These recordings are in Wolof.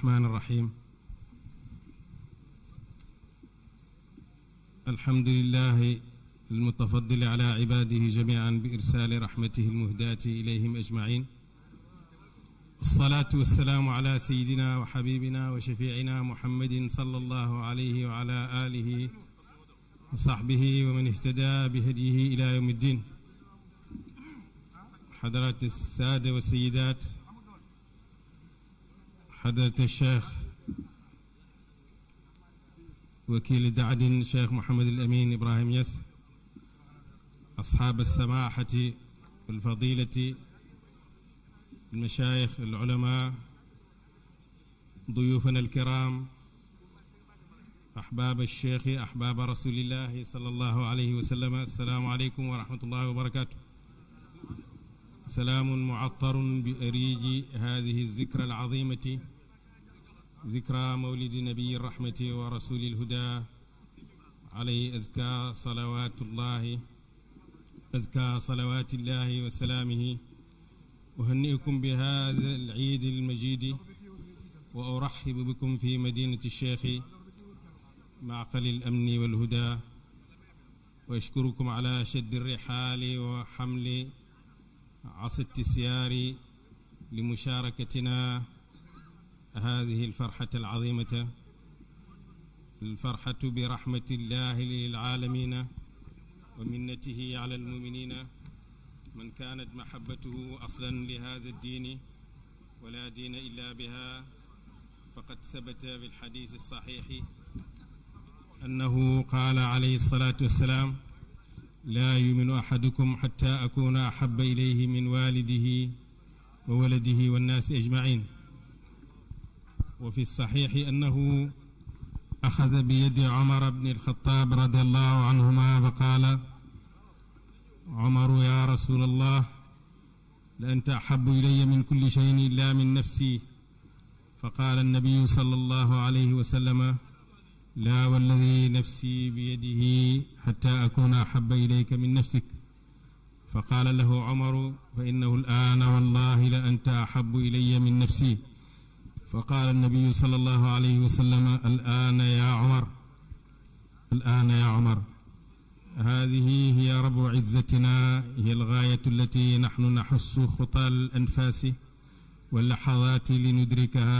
الرحمن الرحيم الحمد لله المتفضل على عباده جميعا بإرسال رحمته المهداة إليهم أجمعين الصلاة والسلام على سيدنا وحبيبنا وشفيعنا محمد صلى الله عليه وعلى آله وصحبه ومن اهتدى بهديه إلى يوم الدين حضرات السادة والسيدات حضرة الشيخ وكيل دعدن الشيخ محمد الأمين إبراهيم يس أصحاب السماحة والفضيلة المشايخ العلماء ضيوفنا الكرام أحباب الشيخ أحباب رسول الله صلى الله عليه وسلم السلام عليكم ورحمة الله وبركاته سلام معطر بأريج هذه الذكرى العظيمة ذكرى مولد نبي الرحمة ورسول الهدى عليه أزكى صلوات الله أزكى صلوات الله وسلامه أهنئكم بهذا العيد المجيد وأرحب بكم في مدينة الشيخ معقل الأمن والهدى وأشكركم على شد الرحال وحمل عصا التسيار لمشاركتنا هذه الفرحة العظيمة الفرحة برحمة الله للعالمين ومنته على المؤمنين من كانت محبته أصلا لهذا الدين ولا دين إلا بها فقد ثبت في الحديث الصحيح أنه قال عليه الصلاة والسلام لا يؤمن أحدكم حتى أكون أحب إليه من والده وولده والناس أجمعين وفي الصحيح أنه أخذ بيد عمر بن الخطاب رضي الله عنهما فقال عمر يا رسول الله لأنت أحب إلي من كل شيء إلا من نفسي فقال النبي صلى الله عليه وسلم لا والذي نفسي بيده حتى أكون أحب إليك من نفسك فقال له عمر فإنه الآن والله لأنت أحب إلي من نفسي فقال النبي صلى الله عليه وسلم الآن يا عمر الآن يا عمر هذه هي رب عزتنا هي الغاية التي نحن نحس خطى الأنفاس واللحظات لندركها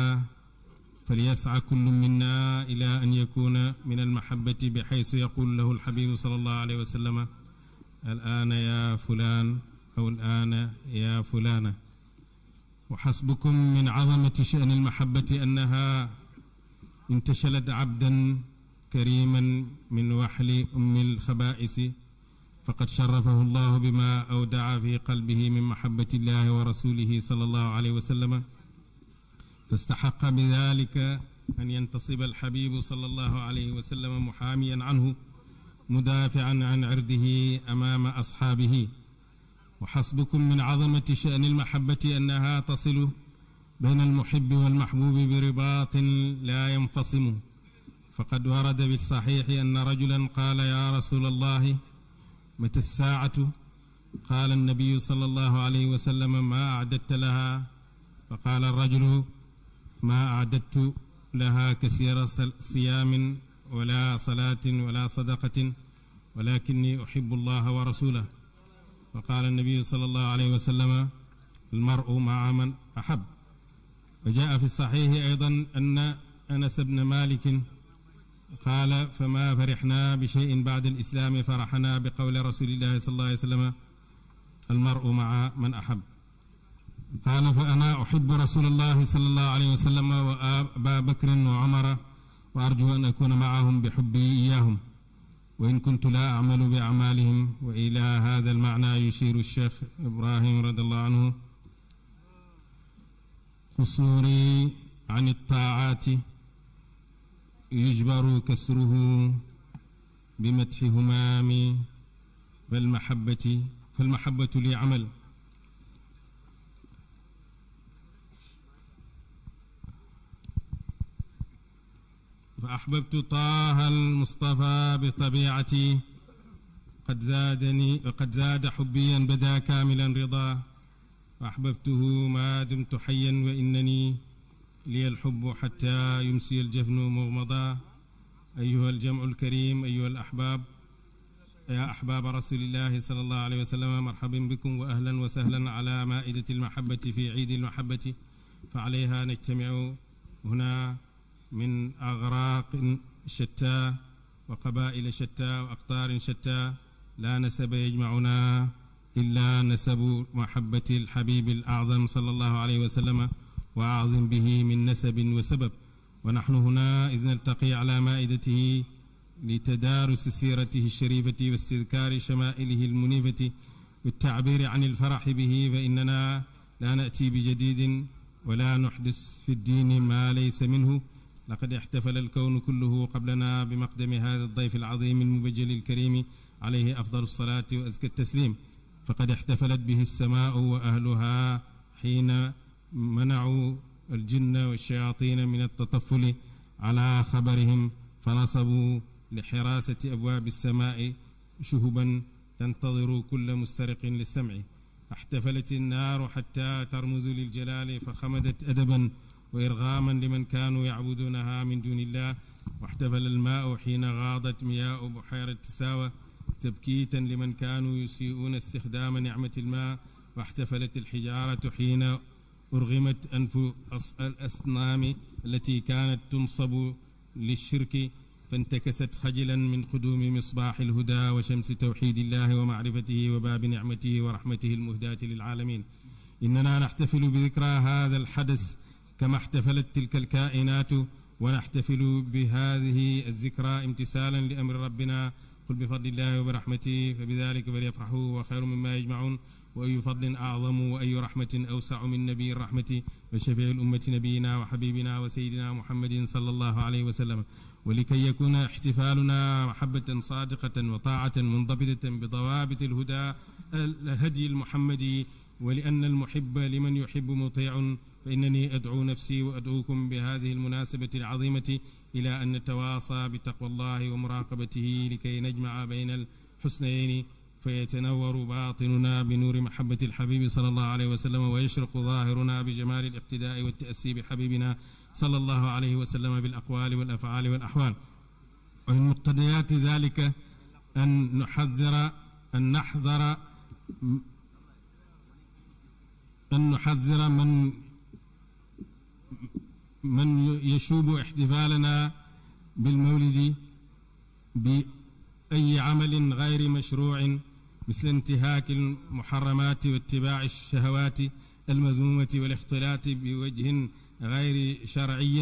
فليسعى كل منا إلى أن يكون من المحبة بحيث يقول له الحبيب صلى الله عليه وسلم الآن يا فلان أو الآن يا فلانة وحسبكم من عظمة شأن المحبة أنها انتشلت عبدا كريما من وحل أم الخبائس فقد شرفه الله بما أودع في قلبه من محبة الله ورسوله صلى الله عليه وسلم فاستحق بذلك أن ينتصب الحبيب صلى الله عليه وسلم محاميا عنه مدافعا عن عرضه أمام أصحابه وحسبكم من عظمة شأن المحبة أنها تصل بين المحب والمحبوب برباط لا ينفصم فقد ورد بالصحيح أن رجلا قال يا رسول الله متى الساعة قال النبي صلى الله عليه وسلم ما أعددت لها فقال الرجل ما أعددت لها كثير صيام ولا صلاة ولا صدقة ولكني أحب الله ورسوله فقال النبي صلى الله عليه وسلم المرء مع من أحب وجاء في الصحيح أيضا أن أنس بن مالك قال فما فرحنا بشيء بعد الإسلام فرحنا بقول رسول الله صلى الله عليه وسلم المرء مع من أحب قال فأنا أحب رسول الله صلى الله عليه وسلم وأبا بكر وعمر وأرجو أن أكون معهم بحبي إياهم وإن كنت لا أعمل بأعمالهم وإلى هذا المعنى يشير الشيخ إبراهيم رضي الله عنه قصوري عن الطاعات يجبر كسره بمدح بل فالمحبة فالمحبة لي عمل فأحببت طه المصطفى بطبيعتي قد زادني وقد زاد حبيا بدا كاملا رضا وأحببته ما دمت حيا وإنني لي الحب حتى يمسي الجفن مغمضا أيها الجمع الكريم أيها الأحباب يا أحباب رسول الله صلى الله عليه وسلم مرحبا بكم وأهلا وسهلا على مائدة المحبة في عيد المحبة فعليها نجتمع هنا من أغراق شتى وقبائل شتى وأقطار شتى لا نسب يجمعنا إلا نسب محبة الحبيب الأعظم صلى الله عليه وسلم وأعظم به من نسب وسبب ونحن هنا إذ نلتقي على مائدته لتدارس سيرته الشريفة واستذكار شمائله المنيفة والتعبير عن الفرح به فإننا لا نأتي بجديد ولا نحدث في الدين ما ليس منه لقد احتفل الكون كله قبلنا بمقدم هذا الضيف العظيم المبجل الكريم عليه أفضل الصلاة وأزكى التسليم فقد احتفلت به السماء وأهلها حين منعوا الجن والشياطين من التطفل على خبرهم فنصبوا لحراسة أبواب السماء شهبا تنتظر كل مسترق للسمع احتفلت النار حتى ترمز للجلال فخمدت أدبا وإرغاما لمن كانوا يعبدونها من دون الله واحتفل الماء حين غاضت مياه بحيرة تساوى تبكيتا لمن كانوا يسيئون استخدام نعمة الماء واحتفلت الحجارة حين أرغمت أنف الأصنام التي كانت تنصب للشرك فانتكست خجلا من قدوم مصباح الهدى وشمس توحيد الله ومعرفته وباب نعمته ورحمته المهداة للعالمين إننا نحتفل بذكرى هذا الحدث كما احتفلت تلك الكائنات ونحتفل بهذه الذكرى امتثالا لأمر ربنا قل بفضل الله وبرحمته فبذلك فليفرحوا وخير مما يجمعون وأي فضل أعظم وأي رحمة أوسع من نبي الرحمة وشفيع الأمة نبينا وحبيبنا وسيدنا محمد صلى الله عليه وسلم ولكي يكون احتفالنا محبة صادقة وطاعة منضبطة بضوابط الهدى الهدي المحمدي ولأن المحب لمن يحب مطيع فإنني أدعو نفسي وأدعوكم بهذه المناسبة العظيمة إلى أن نتواصى بتقوى الله ومراقبته لكي نجمع بين الحسنين فيتنور باطننا بنور محبة الحبيب صلى الله عليه وسلم ويشرق ظاهرنا بجمال الاقتداء والتأسي بحبيبنا صلى الله عليه وسلم بالأقوال والأفعال والأحوال ومن مقتضيات ذلك أن نحذر أن نحذر أن نحذر من من يشوب احتفالنا بالمولد بأي عمل غير مشروع مثل انتهاك المحرمات واتباع الشهوات المذمومة والاختلاط بوجه غير شرعي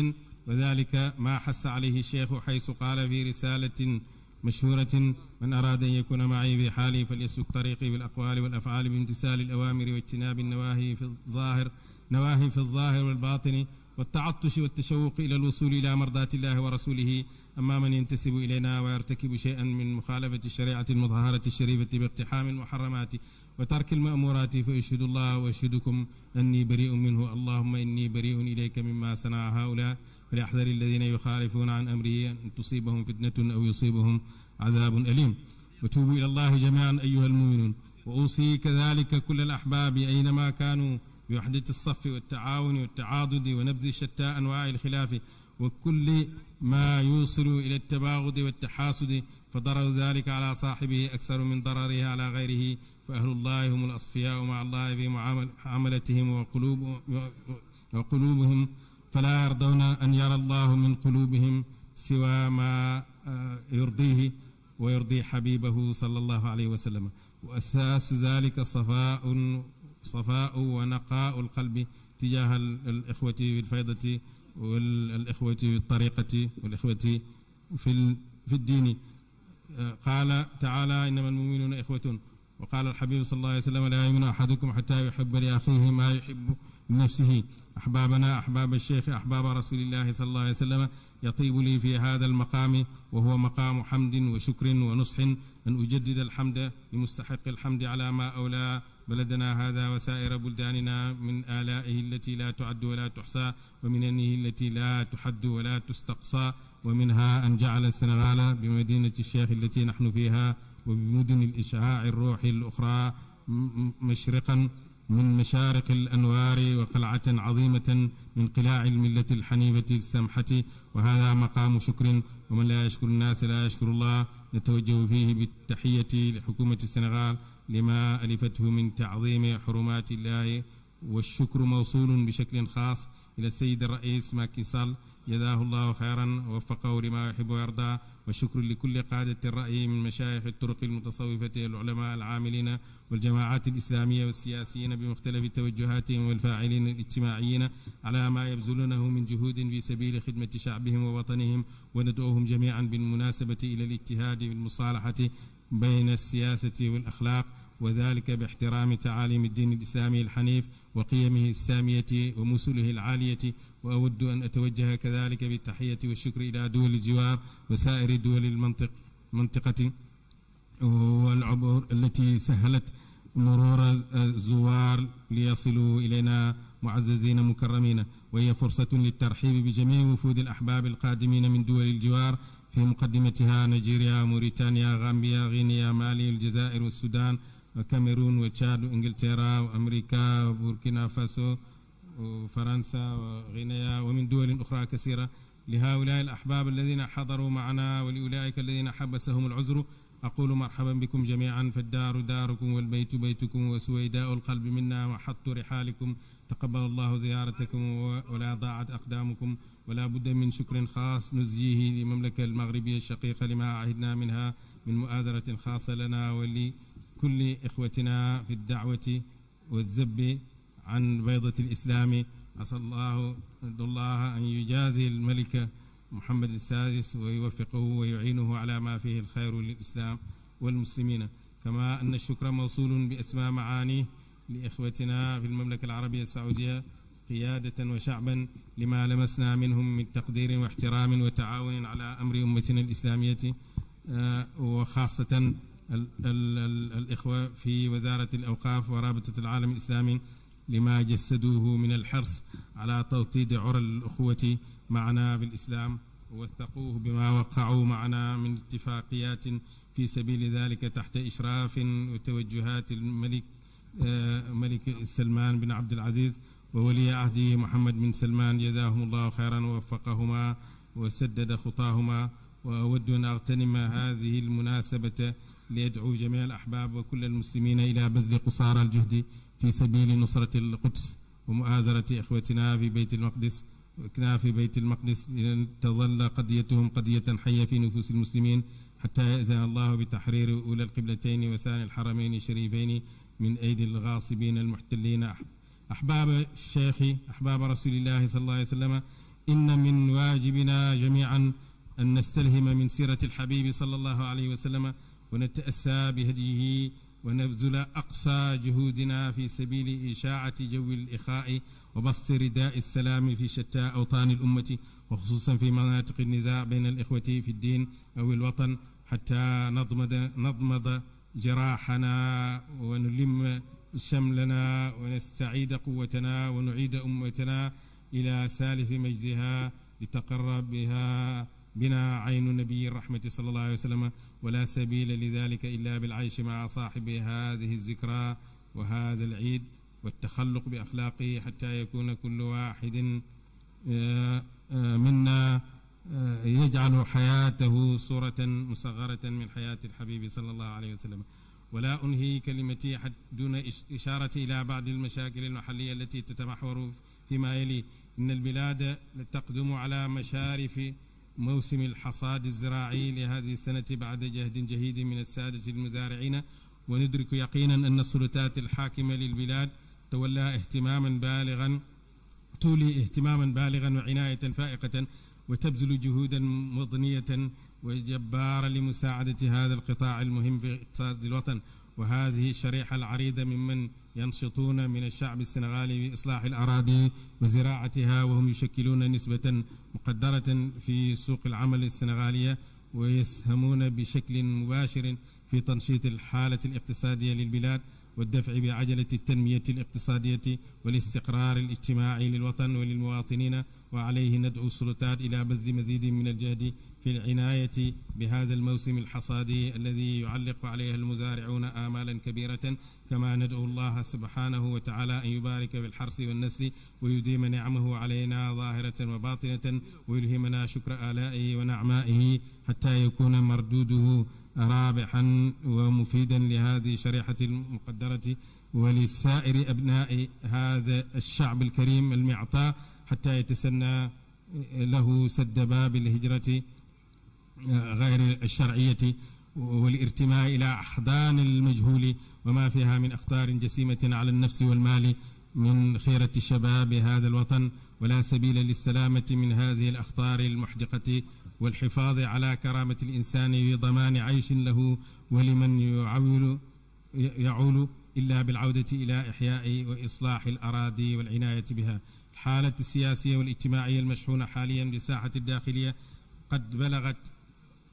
وذلك ما حس عليه الشيخ حيث قال في رسالة مشهورة من أراد أن يكون معي في حالي فليسلك طريقي بالأقوال والأفعال بامتثال الأوامر واجتناب النواهي في الظاهر نواهي في الظاهر والباطن والتعطش والتشوق إلى الوصول إلى مرضاة الله ورسوله أما من ينتسب إلينا ويرتكب شيئا من مخالفة الشريعة المظهرة الشريفة باقتحام المحرمات وترك المأمورات فيشهد الله وأشهدكم أني بريء منه اللهم إني بريء إليك مما صنع هؤلاء فليحذر الذين يخالفون عن أمره أن تصيبهم فتنة أو يصيبهم عذاب أليم وتوبوا إلى الله جميعا أيها المؤمنون وأوصي كذلك كل الأحباب أينما كانوا بوحدة الصف والتعاون والتعاضد ونبذ شتى أنواع الخلاف وكل ما يوصل إلى التباغض والتحاسد فضرر ذلك على صاحبه أكثر من ضرره على غيره فأهل الله هم الأصفياء مع الله في معاملتهم وقلوب وقلوبهم فلا يرضون أن يرى الله من قلوبهم سوى ما آه، يرضيه ويرضي حبيبه صلى الله عليه وسلم وأساس ذلك صفاء صفاء ونقاء القلب تجاه الإخوة في الفيضة والإخوة في الطريقة والإخوة في في الدين آه، قال تعالى إنما المؤمنون إخوة وقال الحبيب صلى الله عليه وسلم لا يؤمن أحدكم حتى يحب لأخيه ما يحب لنفسه أحبابنا أحباب الشيخ أحباب رسول الله صلى الله عليه وسلم يطيب لي في هذا المقام وهو مقام حمد وشكر ونصح أن أجدد الحمد لمستحق الحمد على ما أولى بلدنا هذا وسائر بلداننا من آلائه التي لا تعد ولا تحصى ومننه التي لا تحد ولا تستقصى ومنها أن جعل السنغال بمدينة الشيخ التي نحن فيها وبمدن الإشعاع الروحي الأخرى مشرقا من مشارق الأنوار وقلعة عظيمة من قلاع الملة الحنيفة السمحة وهذا مقام شكر ومن لا يشكر الناس لا يشكر الله نتوجه فيه بالتحية لحكومة السنغال لما ألفته من تعظيم حرمات الله والشكر موصول بشكل خاص إلى السيد الرئيس ماكي سال جزاه الله خيرا ووفقه لما يحب ويرضى والشكر لكل قادة الرأي من مشايخ الطرق المتصوفة العلماء العاملين والجماعات الإسلامية والسياسيين بمختلف توجهاتهم والفاعلين الاجتماعيين على ما يبذلونه من جهود في سبيل خدمة شعبهم ووطنهم وندعوهم جميعا بالمناسبة إلى الاجتهاد والمصالحة بين السياسة والأخلاق وذلك باحترام تعاليم الدين الإسلامي الحنيف وقيمه السامية ومسله العالية وأود أن أتوجه كذلك بالتحية والشكر إلى دول الجوار وسائر دول المنطق منطقة والعبور التي سهلت مرور الزوار ليصلوا إلينا معززين مكرمين وهي فرصة للترحيب بجميع وفود الأحباب القادمين من دول الجوار في مقدمتها نيجيريا موريتانيا غامبيا غينيا مالي الجزائر والسودان وكاميرون وتشاد وانجلترا وامريكا وبوركينا فاسو وفرنسا وغينيا ومن دول اخرى كثيره لهؤلاء الاحباب الذين حضروا معنا ولاولئك الذين حبسهم العذر اقول مرحبا بكم جميعا فالدار داركم والبيت بيتكم وسويداء القلب منا وحط رحالكم تقبل الله زيارتكم ولا ضاعت اقدامكم ولا بد من شكر خاص نزجيه للمملكة المغربية الشقيقة لما عهدنا منها من مؤازرة خاصة لنا ولكل إخوتنا في الدعوة والزب عن بيضة الإسلام أسأل الله الله أن يجازي الملك محمد السادس ويوفقه ويعينه على ما فيه الخير للإسلام والمسلمين كما أن الشكر موصول بأسماء معانيه لإخوتنا في المملكة العربية السعودية قيادة وشعبا لما لمسنا منهم من تقدير واحترام وتعاون على أمر أمتنا الإسلامية آه، وخاصة الإخوة في وزارة الأوقاف ورابطة العالم الإسلامي لما جسدوه من الحرص على توطيد عرى الأخوة معنا بالإسلام ووثقوه بما وقعوا معنا من اتفاقيات في سبيل ذلك تحت إشراف وتوجهات الملك آه، ملك سلمان بن عبد العزيز وولي عهده محمد بن سلمان جزاهم الله خيرا ووفقهما وسدد خطاهما وأود أن أغتنم هذه المناسبة ليدعو جميع الأحباب وكل المسلمين إلى بذل قصارى الجهد في سبيل نصرة القدس ومؤازرة إخوتنا في بيت المقدس وإكنا في بيت المقدس تظل قضيتهم قضية حية في نفوس المسلمين حتى يأذن الله بتحرير أولى القبلتين وسان الحرمين الشريفين من أيدي الغاصبين المحتلين أحباب الشيخ أحباب رسول الله صلى الله عليه وسلم إن من واجبنا جميعا أن نستلهم من سيرة الحبيب صلى الله عليه وسلم ونتأسى بهديه ونبذل أقصى جهودنا في سبيل إشاعة جو الإخاء وبسط رداء السلام في شتى أوطان الأمة وخصوصا في مناطق النزاع بين الإخوة في الدين أو الوطن حتى نضمد, نضمد جراحنا ونلم شملنا ونستعيد قوتنا ونعيد أمتنا إلى سالف مجدها لتقر بها بنا عين نبي الرحمة صلى الله عليه وسلم ولا سبيل لذلك إلا بالعيش مع صاحب هذه الذكرى وهذا العيد والتخلق بأخلاقه حتى يكون كل واحد آه، آه، منا آه، يجعل حياته صورة مصغرة من حياة الحبيب صلى الله عليه وسلم ولا أنهي كلمتي دون إشارة إلى بعض المشاكل المحلية التي تتمحور فيما يلي إن البلاد تقدم على مشارف موسم الحصاد الزراعي لهذه السنة بعد جهد جهيد من السادة المزارعين وندرك يقينا أن السلطات الحاكمة للبلاد تولى اهتماما بالغا تولي اهتماما بالغا وعناية فائقة وتبذل جهودا مضنية وجبار لمساعدة هذا القطاع المهم في اقتصاد الوطن وهذه الشريحة العريضة ممن ينشطون من الشعب السنغالي بإصلاح الأراضي وزراعتها وهم يشكلون نسبة مقدرة في سوق العمل السنغالية ويسهمون بشكل مباشر في تنشيط الحالة الاقتصادية للبلاد والدفع بعجلة التنمية الاقتصادية والاستقرار الاجتماعي للوطن وللمواطنين وعليه ندعو السلطات إلى بذل مزيد من الجهد في العناية بهذا الموسم الحصادي الذي يعلق عليه المزارعون آمالا كبيرة كما ندعو الله سبحانه وتعالى أن يبارك بالحرث والنسل ويديم نعمه علينا ظاهرة وباطنة ويلهمنا شكر آلائه ونعمائه حتى يكون مردوده رابحا ومفيدا لهذه الشريحة المقدرة ولسائر أبناء هذا الشعب الكريم المعطاء حتى يتسنى له سد باب الهجرة غير الشرعية والارتماء إلى أحضان المجهول وما فيها من أخطار جسيمة على النفس والمال من خيرة الشباب هذا الوطن ولا سبيل للسلامة من هذه الأخطار المحدقة والحفاظ على كرامة الإنسان في ضمان عيش له ولمن يعول يعول إلا بالعودة إلى إحياء وإصلاح الأراضي والعناية بها الحالة السياسية والاجتماعية المشحونة حاليا بساحة الداخلية قد بلغت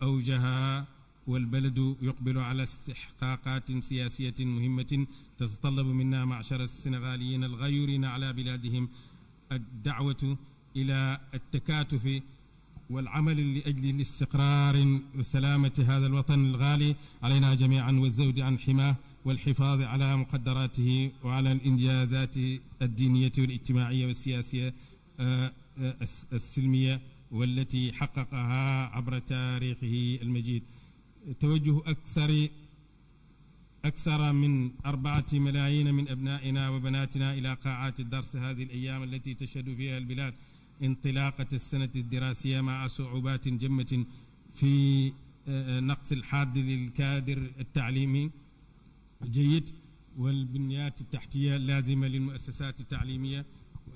أوجها والبلد يقبل على استحقاقات سياسية مهمة تتطلب منا معشر السنغاليين الغيورين على بلادهم الدعوة إلى التكاتف والعمل لأجل الاستقرار وسلامة هذا الوطن الغالي علينا جميعا والزود عن حماه والحفاظ على مقدراته وعلى الإنجازات الدينية والاجتماعية والسياسية آه، آه، السلمية والتي حققها عبر تاريخه المجيد توجه أكثر أكثر من أربعة ملايين من أبنائنا وبناتنا إلى قاعات الدرس هذه الأيام التي تشهد فيها البلاد انطلاقة السنة الدراسية مع صعوبات جمة في آه، نقص الحاد للكادر التعليمي جيد والبنيات التحتية اللازمة للمؤسسات التعليمية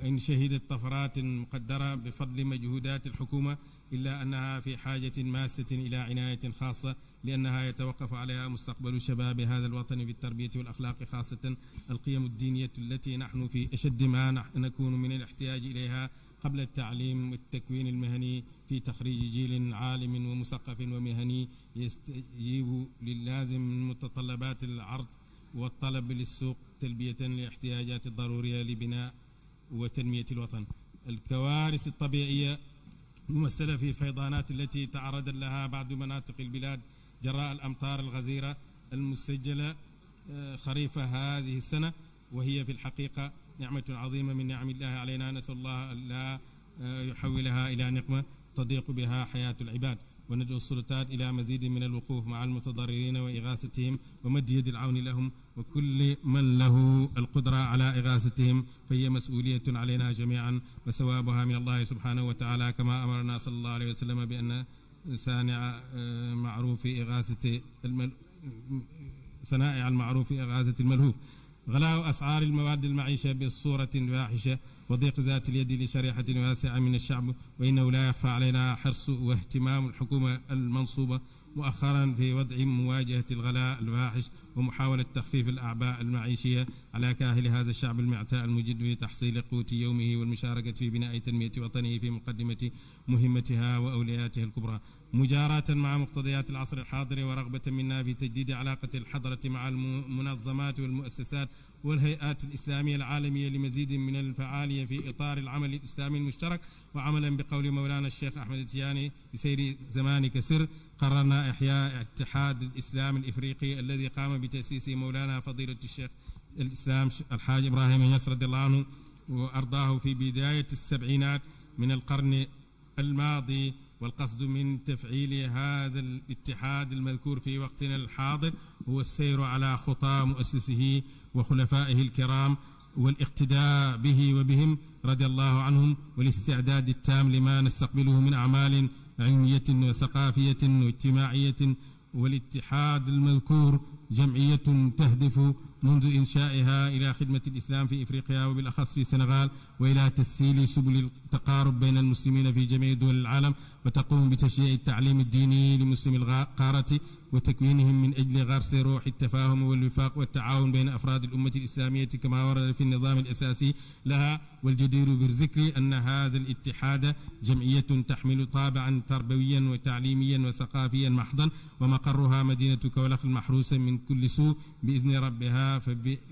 إن شهدت طفرات مقدرة بفضل مجهودات الحكومة إلا أنها في حاجة ماسة إلى عناية خاصة لأنها يتوقف عليها مستقبل شباب هذا الوطن في التربية والأخلاق خاصة القيم الدينية التي نحن في أشد ما نكون من الاحتياج إليها قبل التعليم والتكوين المهني في تخريج جيل عالم ومثقف ومهني يستجيب للازم من متطلبات العرض والطلب للسوق تلبية لاحتياجات الضرورية لبناء وتنمية الوطن الكوارث الطبيعية ممثلة في الفيضانات التي تعرض لها بعض مناطق البلاد جراء الأمطار الغزيرة المسجلة آه، خريف هذه السنة وهي في الحقيقة نعمة عظيمة من نعم الله علينا نسأل الله لا آه، يحولها إلى نقمة تضيق بها حياة العباد وندعو السلطات إلى مزيد من الوقوف مع المتضررين وإغاثتهم ومد يد العون لهم وكل من له القدرة على إغاثتهم فهي مسؤولية علينا جميعا وثوابها من الله سبحانه وتعالى كما أمرنا صلى الله عليه وسلم بأن سانع آه، معروف إغاثة المل... صنائع المعروف إغاثة الملهوف غلاء أسعار المواد المعيشة بصورة فاحشة وضيق ذات اليد لشريحة واسعة من الشعب وإنه لا يخفى علينا حرص واهتمام الحكومة المنصوبة مؤخرا في وضع مواجهة الغلاء الفاحش ومحاولة تخفيف الأعباء المعيشية على كاهل هذا الشعب المعتاء المجد في تحصيل قوت يومه والمشاركة في بناء تنمية وطنه في مقدمة مهمتها وأولياتها الكبرى مجاراة مع مقتضيات العصر الحاضر ورغبة منا في تجديد علاقة الحضرة مع المنظمات والمؤسسات والهيئات الإسلامية العالمية لمزيد من الفعالية في إطار العمل الإسلامي المشترك وعملا بقول مولانا الشيخ أحمد التياني بسير زمان كسر قررنا إحياء اتحاد الإسلام الإفريقي الذي قام بتأسيسه مولانا فضيلة الشيخ الإسلام الحاج إبراهيم يسر رضي الله عنه وأرضاه في بداية السبعينات من القرن الماضي والقصد من تفعيل هذا الاتحاد المذكور في وقتنا الحاضر هو السير على خطى مؤسسه وخلفائه الكرام والاقتداء به وبهم رضي الله عنهم والاستعداد التام لما نستقبله من أعمال علمية وثقافية واجتماعية والاتحاد المذكور جمعية تهدف منذ إنشائها إلى خدمة الإسلام في إفريقيا وبالأخص في السنغال وإلى تسهيل سبل التقارب بين المسلمين في جميع دول العالم وتقوم بتشجيع التعليم الديني لمسلمي القارة وتكوينهم من أجل غرس روح التفاهم والوفاق والتعاون بين أفراد الأمة الإسلامية كما ورد في النظام الأساسي لها والجدير بالذكر أن هذا الاتحاد جمعية تحمل طابعا تربويا وتعليميا وثقافيا محضا ومقرها مدينة كولخ المحروسة من كل سوء بإذن ربها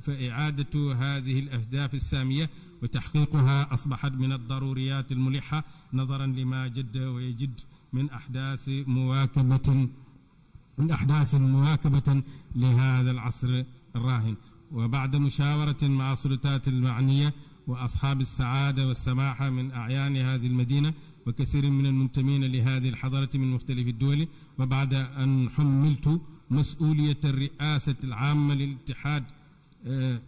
فإعادة هذه الأهداف السامية وتحقيقها أصبحت من الضروريات الملحة نظرا لما جد ويجد من أحداث مواكبة من أحداث مواكبة لهذا العصر الراهن وبعد مشاورة مع السلطات المعنية وأصحاب السعادة والسماحة من أعيان هذه المدينة وكثير من المنتمين لهذه الحضارة من مختلف الدول وبعد أن حملت مسؤولية الرئاسة العامة للاتحاد آه،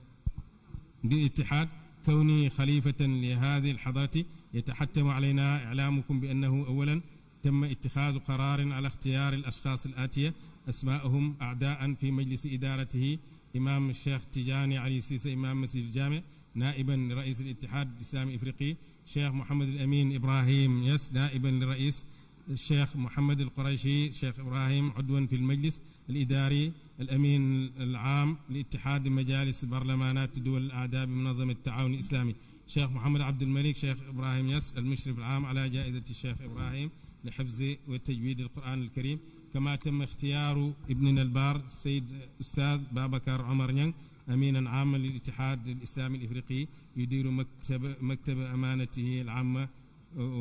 للاتحاد كوني خليفة لهذه الحضارة يتحتم علينا إعلامكم بأنه أولا تم اتخاذ قرار على اختيار الأشخاص الآتية أسماءهم أعداء في مجلس إدارته إمام الشيخ تجاني علي سيسى إمام مسجد الجامع نائبا لرئيس الاتحاد الإسلامي الإفريقي الشيخ محمد الأمين إبراهيم يس نائبا لرئيس الشيخ محمد القريشي الشيخ إبراهيم عضوا في المجلس الإداري الأمين العام لاتحاد مجالس برلمانات دول الأعداء بمنظمة التعاون الإسلامي الشيخ محمد عبد الملك شيخ إبراهيم يس المشرف العام على جائزة الشيخ إبراهيم لحفظ وتجويد القرآن الكريم كما تم اختيار ابننا البار سيد أستاذ بابكر عمر نيان أمينا عاما للاتحاد الإسلامي الإفريقي يدير مكتب, مكتب أمانته العامة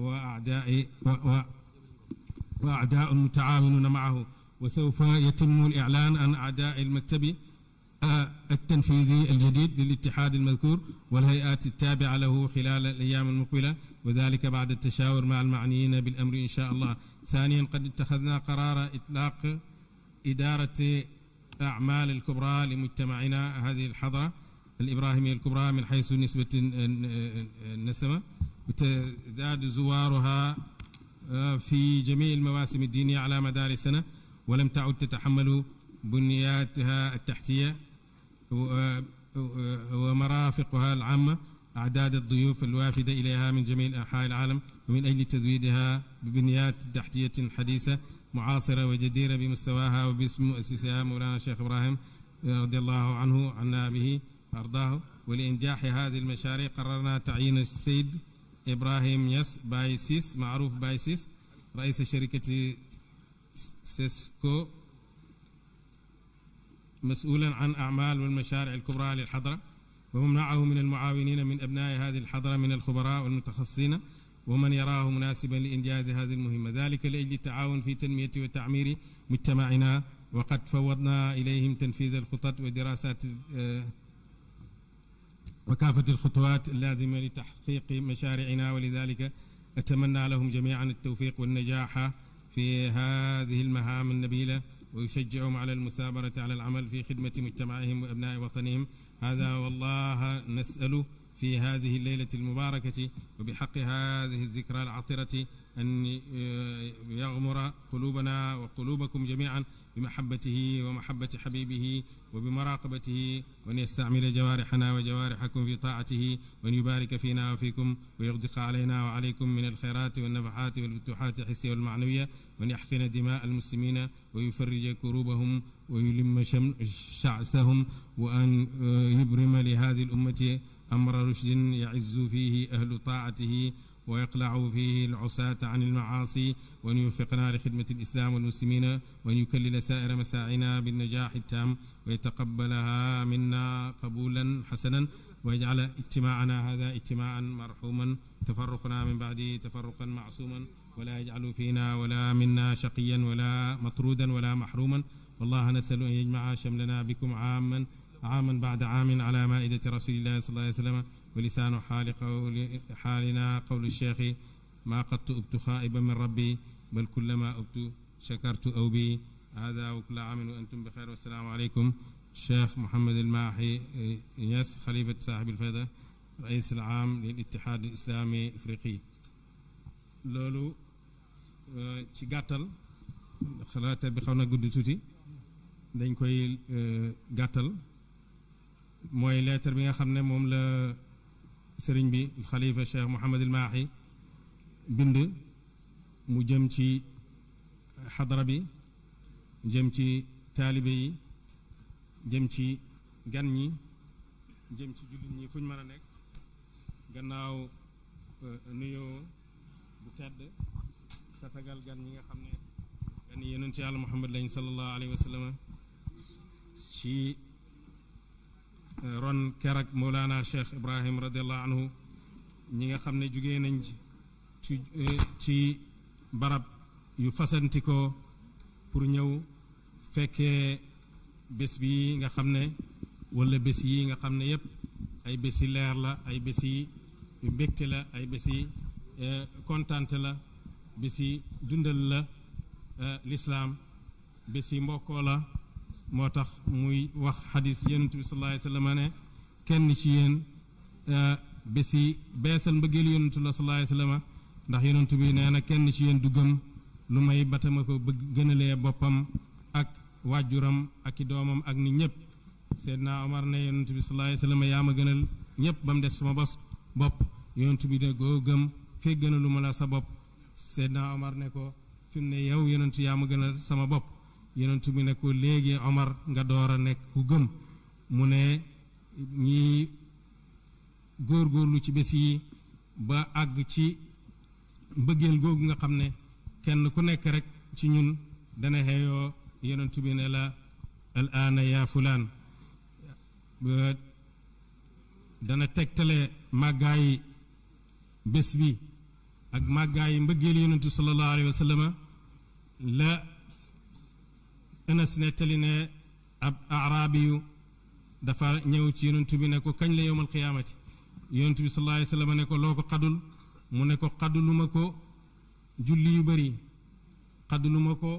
وأعداء وأعداء متعاونون معه وسوف يتم الإعلان عن أعداء المكتب آه، التنفيذي الجديد للاتحاد المذكور والهيئات التابعة له خلال الأيام المقبلة وذلك بعد التشاور مع المعنيين بالأمر إن شاء الله ثانيا قد اتخذنا قرار إطلاق إدارة الأعمال الكبرى لمجتمعنا هذه الحضرة الإبراهيمية الكبرى من حيث نسبة النسمة وتزداد زوارها آه، في جميع المواسم الدينية على مدار السنة ولم تعد تتحمل بنياتها التحتية آه، آه، ومرافقها العامة أعداد الضيوف الوافدة إليها من جميع أنحاء العالم ومن أجل تزويدها ببنيات تحتية حديثة معاصرة وجديرة بمستواها وباسم مؤسسها مولانا الشيخ إبراهيم رضي الله عنه عنا به أرضاه ولإنجاح هذه المشاريع قررنا تعيين السيد إبراهيم يس بايسيس معروف بايسيس رئيس شركة سيسكو مسؤولا عن أعمال والمشاريع الكبرى للحضرة وهم معه من المعاونين من أبناء هذه الحضرة من الخبراء والمتخصصين ومن يراه مناسبا لإنجاز هذه المهمة ذلك لأجل التعاون في تنمية وتعمير مجتمعنا وقد فوضنا إليهم تنفيذ الخطط ودراسات آه، وكافة الخطوات اللازمة لتحقيق مشاريعنا ولذلك أتمنى لهم جميعا التوفيق والنجاح في هذه المهام النبيلة ويشجعهم على المثابرة على العمل في خدمة مجتمعهم وأبناء وطنهم هذا والله نسأله في هذه الليلة المباركة وبحق هذه الذكرى العطرة أن يغمر قلوبنا وقلوبكم جميعا بمحبته ومحبة حبيبه وبمراقبته وأن يستعمل جوارحنا وجوارحكم في طاعته وأن يبارك فينا وفيكم ويغدق علينا وعليكم من الخيرات والنفحات والفتوحات الحسية والمعنوية وأن يحقن دماء المسلمين ويفرج كروبهم ويلم شعثهم وأن آه، يبرم لهذه الأمة أمر رشد يعز فيه أهل طاعته ويقلع فيه العصاة عن المعاصي وأن يوفقنا لخدمة الإسلام والمسلمين وأن يكلل سائر مساعينا بالنجاح التام ويتقبلها منا قبولا حسنا ويجعل اجتماعنا هذا اجتماعا مرحوما تفرقنا من بعده تفرقا معصوما ولا يجعل فينا ولا منا شقيا ولا مطرودا ولا محروما والله نسأل أن يجمع شملنا بكم عاما عاما بعد عام على مائدة رسول الله صلى الله عليه وسلم ولسان حال قول حالنا قول الشيخ ما قد أبت خائبا من ربي بل كلما أبت شكرت أو بي هذا وكل عام وأنتم بخير والسلام عليكم الشيخ محمد الماحي يس خليفة صاحب الفدا رئيس العام للاتحاد الإسلامي الإفريقي لولو تشيغاتل آه، gàttal بخونا bi dañ koy gàttal mooy lettre bi nga xam ne moom la sëriñ bi xalifa cheikh Mouhamadul Maahi bind mu jëm ci xadara bi jëm ci taalibe yi jëm ci gan ñi jëm ci jullit ñi fuñ mën a nekk gannaaw nuyoo bu tedd tatagal gan ñi nga xam ne gan yonent yàlla Muhammad lañ sallallahu alayhi wa sallam ci eh, ron kerak Mawlana Cheikh Ibrahim radiallahu anhu ñi nga xam ne jugee nañ ci eh, ci barab yu fasantikoo pour ñëw fekkee bés bi nga xam ne walla bés yi nga xam ne yépp ay bési leer la ay bési mbégte la ay bési eh, kontante la bési dundal la lislaam bés yi mbokkoo la moo tax muy wax xadis yonent bi sallallahu alayhi wa ne kenn ci yéen euh, bési beesal mbëggeelu yonentu la sallallahu alayhi wa sallam ndax yonentu bi nee na kenn ci yéen du gëm lu may batama ko bëgg gënalee boppam ak waajuram ak i doomam ak ni ñëpp Seydina Omar ne yonentu bi sallallahu alayhi wa sallam yaa ma gënal ñëpp ba mu des suma bos bopp yonentu bi ne goo gëm fee gënalu ma sa bopp Seydina Omar ne ko fi ne yow yonentu yaa ma gënal sama bopp yonentu bi ne ko léegi Omar nga door a nekk ku gëm mu ne ñi góorgóorlu ci bés yi ba àgg ci mbëggeel googu nga xam ne kenn ku nekk rek ci ñun dana xeeyoo yonentu bi ne la al aana yaa fulaan dana tegtale màggaayi bés bi ak màggaayi mbëggeel yonentu sallallahu alayhi wa la anas nettali ne ab araabiyu dafa ñëw ci yonent bi ne ko kañ la yowmal qiyaamati yonent bi sallallahu alayhi wa sallam ne ko loo ko xadul mu ne ko xaduluma ko julli yu bëri xaduluma ko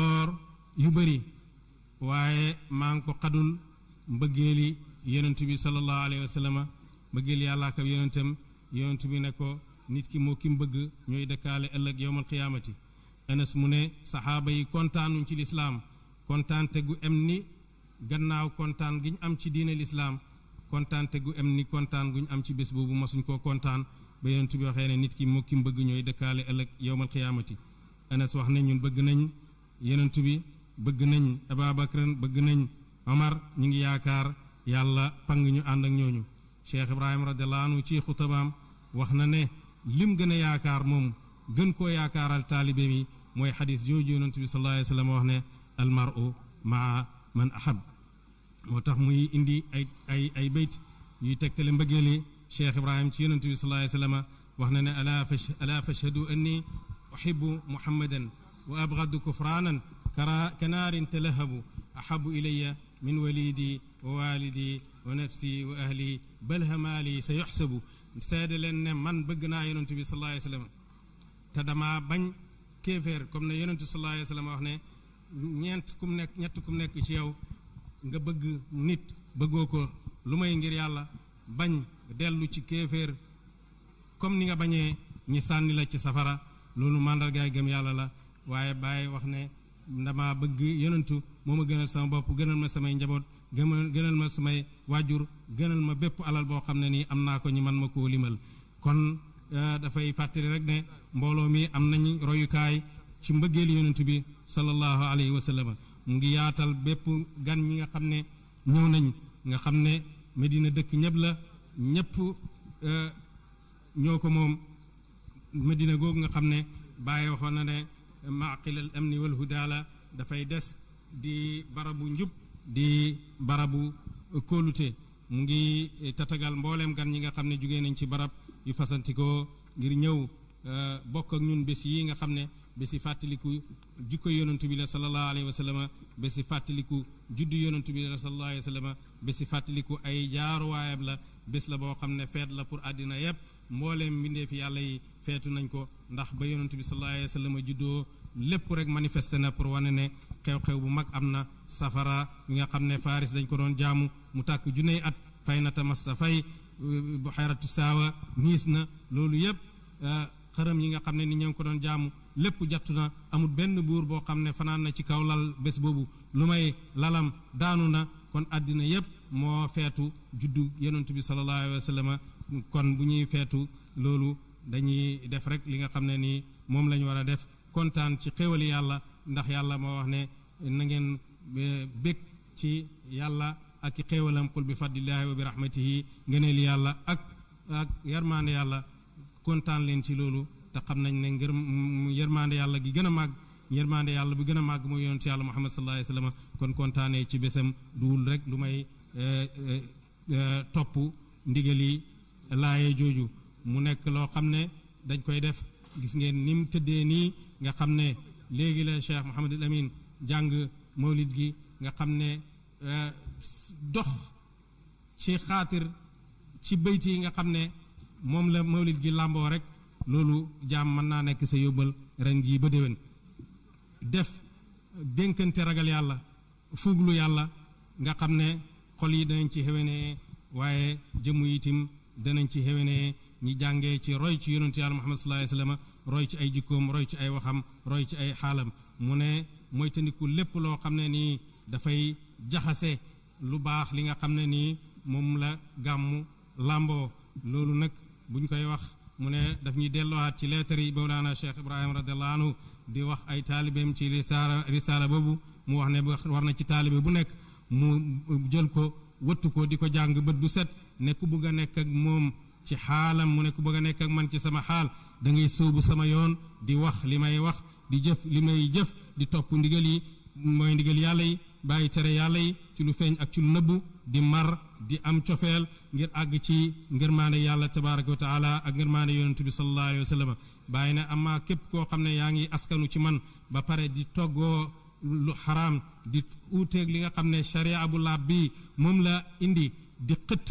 or yu bëri waaye maa ngi ko xadul mbëggeeli yonent bi sallallahu alayhi wa sallam mbëggeeli yàlla bi ne ko nit ki moo ki bëgg ñooy dëkkaale ëllëg yowmal qiyaamati Anas mu ne saxaaba yi kontaanuñ ci lislaam kontaante gu em ni gannaaw kontaan gi ñu am ci diine lislaam kontaante gu em ni kontaan gu ñu am ci bés boobu masuñ koo kontaan ba yonent bi waxee ne nit ki moo ki mu bëgg ñooy dëkkaale ëllëg yowmal xiyaamati Anas wax ne ñun bëgg nañ yonent bi bëgg nañ Ababakran bëgg nañ Omar ñu ngi yaakaar yàlla pang ñu ànd ak ñooñu Cheikh Ibrahima radiyallahu anhu ci xutabaam wax na ne lim gën a yaakaar moom gën ko yaakaaral taalibe موي حديث جوجو نبي صلى الله عليه وسلم وخنا المرء مع من احب موتاخ موي اندي اي اي اي بيت يي تكتل مبغيلي شيخ ابراهيم تي نبي صلى الله عليه وسلم وخنا الا فش الا فشهدوا اني احب محمدا وابغض كفرانا كرا كنار تلهب احب الي من وليدي ووالدي ونفسي واهلي بل همالي سيحسب سيد لن من بغنا ينتبي صلى الله عليه وسلم تدما بن kéeféer comme ne yonentu sallallahu alayhi wa sallam wax ne ñeent kum nekk ñett kum nekk ci yow nga bëgg nit bëggoo ko lu may ngir yàlla bañ dellu ci kéeféer comme ni nga bañee ñi sànni la ci safara loolu màndargaay gëm yàlla la waaye bàyyi wax ne ndama bëgg yonentu moo ma gënal sama bopp gënal ma samay njaboot gëmal gënal ma samay waajur gënal ma bépp alal boo xam ne nii am naa ko ñi man ma koo limal kon Eh, dafay fàttali rek ne mbooloo mi am nañ royukaay ci mbëggeelu yonent bi sallallahu alayhi wa sallam mu ngi yaatal bépp gan ñi nga xam ne ñëw nañ nga xam ne Medina dëkk ñëpp la ñëpp eh, ñoo ko moom Medina googu nga xam ne bàyyi waxoon na ne maqilal amni wal huda la dafay des di barabu njub di barab bu kóolute mu ngi tatagal mbooleem gan ñi nga xam ne jugee nañ ci barab yu fasantikoo ngir ñëw euh, bokk ak ñun bés yi nga xam ne bési fàttaliku jikko yonantu bi la sallallahu alayhi wa sallam bési fàttaliku juddu yonantu bi la sallallahu alayhi wa sallam fàttaliku ay jaaruwaayam la bés la boo xam ne feet la pour àddina yépp mbooleem mbindeef yàlla yi feetu nañ ko ndax ba yonantu bi sallallahu alayhi wa juddoo lépp rek manifesté na pour wane ne xew-xew bu mag am na safara yi nga xam ne Faris dañ ko doon jaamu mu tàkk juney at fay na tamas sa fay bu xayratu saawa niis na loolu yëpp eh, xërëm yi nga xam ne ni ñoo ngi ko doon jaamu lépp jattu na amul benn buur boo xam ne fanaan na ci kaw lal bés boobu lu may lalam daanu na kon àddina yëpp moo feetu juddu yonent bi sallallahu alayhi bu ñuy feetu loolu dañuy def rek li nga xam ne nii moom lañu ñu war a def kontaan ci xéwali yàlla ndax yàlla moo wax ne na ngeen eh, ci yàlla ak i xéewalam qul bi fadlillaahi wa bi rahmatihi ngëneel yàlla ak ak yarmaande yàlla kontaan leen ci loolu te xam nañ ne ngër yarmaande yàlla gi gën a màgg yarmaande yàlla bu gën a màgg mooy yonent yàlla muhammad sallallahu alayhi wa sallam kon kontaanee ci besam duwul rek lu may eh, eh, eh, topp ndigali laaye jooju mu nekk loo xam ne dañ koy def gis ngeen ni mu tëddee nii nga xam ne léegi la mu Mouhamadul Amin jàng mawlid gi nga xam ne dox ci xaatir ci bayt yi nga xam ne moom la mawlid gi làmboo rek loolu jaam mën naa nekk sa yóbbal ren jii ba déwén def dénkante ragal yàlla fuuglu yàlla nga xam ne xol yi danañ ci xewenee waaye jëmu itim danañ ci xewenee ñi jàngee ci roy ci yonentu yàlla muhammad sallallahu alayhi roy ci ay jikkoom roy ci ay waxam roy ci ay xaalam mu ne moytandiku lépp loo xam ne nii dafay jaxase lu baax li nga xam ne nii moom la gàmmu làmboo loolu nag buñ koy wax mu ne daf ñuy delluwaat ci lettre yi maulana cheikh ibrahima radiallahu anhu di wax ay taalibeem ci risala risala boobu mu wax ne war na ci taalibe bu nekk mu jël ko wëttu ko di ko jàng bët set ne ku bugg a nekk ak moom ci xaalam mu ne ku bugg nek ak man ci sama xaal da ngay sóobu sama yoon di wax li may wax di jëf li may jëf di topp ndigal yi mooy ndigal yàlla yi bàyyi tere yàlla yi ci lu feeñ ak ci lu nëbbu di mar di am cofeel ngir àgg ci ngërmaande yàlla tabaraka wa taala ak ngërmaande yonentu bi sallallahu alayhi wa sallam bàyyi ne amaa képp koo xam ne yaa ngi askanu ci man ba pare di toggoo lu xaraam di uuteeg li nga xam ne charia bu laab bi moom la indi di xëtt